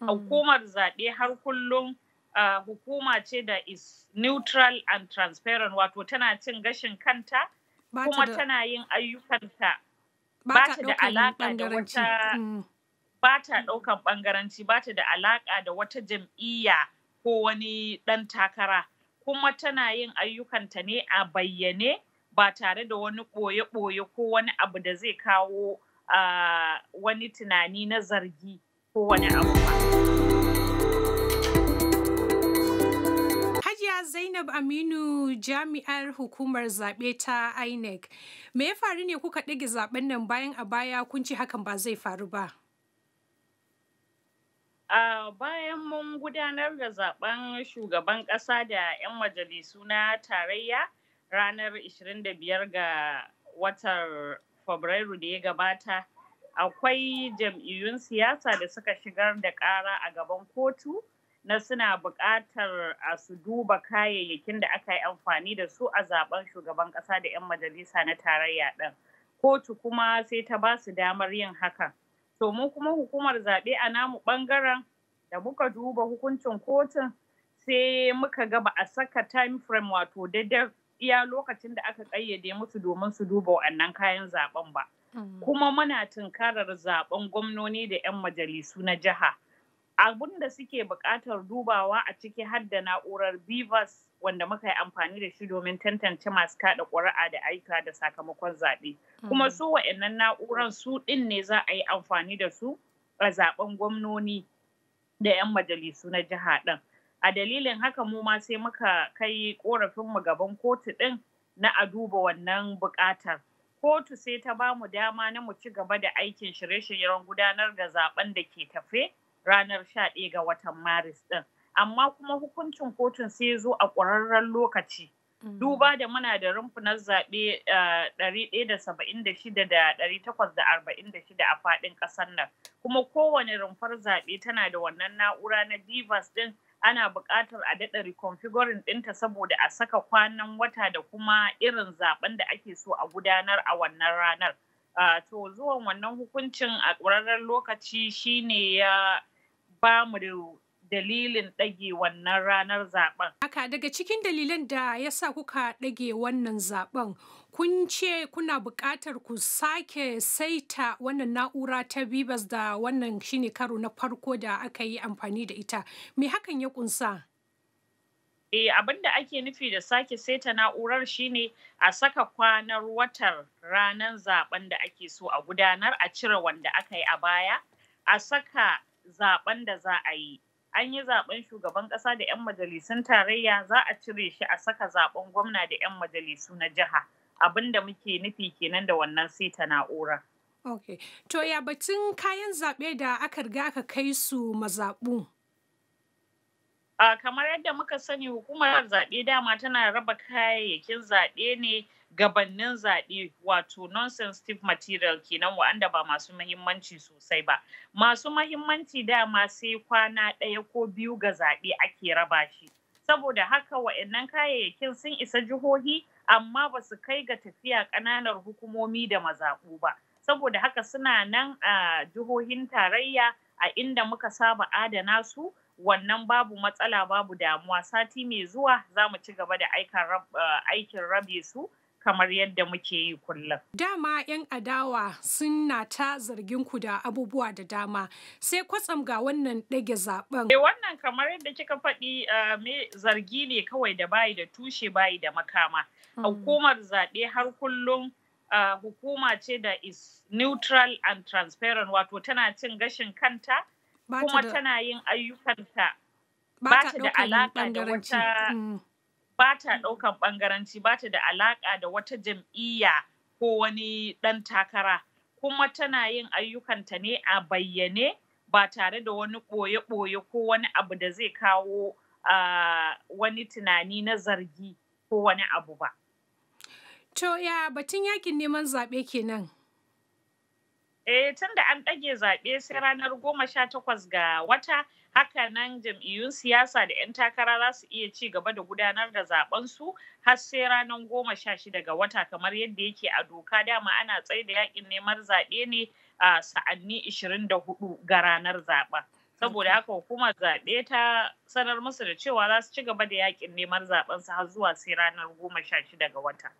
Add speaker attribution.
Speaker 1: Mm.
Speaker 2: Hukumar zaɓe har kullum hukuma ce da is neutral and transparent wato tana cin gashin kanta kuma tana yin ayyukanta ba ta da alaƙa da wata mm. ba ta ɗaukan ɓangaranci ba ta da alaƙa da wata jam'iyya ko wani ɗan takara kuma tana yin ayyukanta ne a bayyane ba tare da wani ɓoye-ɓoye ko wani abu da zai kawo wani tunani na zargi kowane wani abu Hajiya Zainab
Speaker 1: Aminu jami'ar hukumar zaɓe ta INEC. Me ya faru ne kuka ɗage zaɓen nan bayan a baya kun ce hakan ba zai faru ba?
Speaker 2: Uh, bayan mun gudanar da zaben shugaban ƙasa da 'yan majalisu na tarayya ranar 25 ga watan Fabrairu da ya gabata akwai jam'iyyun siyasa da suka shigar da ƙara a gaban kotu na suna buƙatar a su duba kayayyakin da aka yi amfani da su a zaben shugaban ƙasa da 'yan majalisa na tarayya ɗin. Kotu kuma sai ta ba su damar yin haka To mu kuma hukumar zaɓe a namu ɓangaren da muka duba hukuncin kotun sai muka ga ba a saka time frame wato daidai iya lokacin da aka ƙayyade musu domin su duba wa'annan kayan zaben ba. Mm. kuma muna tunkarar zaben gwamnoni da 'yan majalisu na jiha abun da suke buƙatar dubawa a ciki har da na'urar bivas wanda muka yi amfani da shi domin tantance masu kada ƙuri'a da aika da sakamakon zaɓe kuma mm. su wa'annan na'urar su ɗin ne za a yi amfani da su a zaben gwamnoni da 'yan majalisu na jiha ɗin a dalilin haka mu ma sai muka kai ƙorafinmu gaban kotu ɗin na a duba wannan buƙatar kotu sai ta ba mu dama na mu ci gaba da aikin shirye-shiryen gudanar da zaben da ke tafe ranar 11 ga watan maris din amma kuma hukuncin kotun sai zo a ƙwararren lokaci mm. duba da muna da rumfunar zaɓe 176 eh, da 846 a faɗin ƙasar nan kuma kowane rumfar zaɓe tana da wannan na'ura na divas din ana buƙatar a daɗa reconfiguring ɗinta saboda a saka kwanan wata da kuma irin zaben da ake so a gudanar a wannan ranar. To zuwan wannan hukuncin a ƙwararren lokaci shine ya ba mu dalilin ɗage wannan ranar zaben. Haka daga cikin dalilan
Speaker 1: da ya sa kuka ɗage wannan zaben kun ce kuna buƙatar ku sake saita wannan na'ura ta bibas da wannan shine karo na farko da aka yi amfani da ita me hakan ya kunsa
Speaker 2: E eh, abin da ake nufi da sake saita na'urar shine a saka kwanar watar ranar zaben da ake so a gudanar a cire wanda aka yi a baya a saka zaben da za a yi an yi zaben shugaban ƙasa da 'yan majalisun tarayya za a cire shi a saka zaben gwamna da 'yan majalisu na jiha abin muke nufi kenan da wannan ta na'ura.
Speaker 1: Ok, to ya batun kayan zaɓe da aka riga aka kai su mazaɓu?
Speaker 2: kamar yadda muka sani hukumar zaɓe dama tana raba kayayyakin zaɓe ne gabannin zaɓe wato non-sensitive material kenan wa'anda ba masu mahimmanci sosai ba masu mahimmanci dama sai kwana ɗaya ko biyu ga zaɓe ake raba shi saboda haka wa'annan kayayyakin sun isa jihohi amma ba su kai ga tafiya ƙananan hukumomi da mazaɓu ba saboda haka suna nan a jihohin tarayya a inda muka saba adana su wannan babu matsala babu damuwa sati mai zuwa za mu ci gaba da aikin rabe su kamar yadda muke yi kullum. Dama 'yan
Speaker 1: adawa sun na ta zargin ku da abubuwa da dama sai kwatsam ga wannan ɗage zaben. E eh,
Speaker 2: wannan kamar yadda kika faɗi eh, me zargi ne kawai da bayi da tushe bayi da makama. Hmm. Hukumar zaɓe har kullum eh, hukuma ce da is neutral and transparent wato tana cin gashin kanta kuma tana yin ayyukanta ba ta da alaƙa da wata hmm. ba ta ɗaukan ɓangaranci ba ta da alaƙa da wata jam'iyya ko wani ɗan takara kuma tana yin ayyukanta ne a bayyane ba tare da wani ɓoye-ɓoye ko wani abu da zai kawo wani tunani na zargi ko wani abu ba.
Speaker 1: To ya batun yakin neman zaɓe kenan.
Speaker 2: Eh tun da an ɗage zaɓe sai ranar goma sha takwas ga wata haka nan jam'iyyun siyasa da 'yan takara za su iya ci gaba da gudanar da su har sai ranar goma sha shida ga wata kamar yadda yake a doka dama ana tsaye da yakin neman zaɓe ne a sa'anni 24 ga ranar zaɓa saboda haka hukumar zaɓe ta sanar musu da cewa za su ci gaba da yakin neman zaɓensu har zuwa sai ranar goma sha shida ga wata.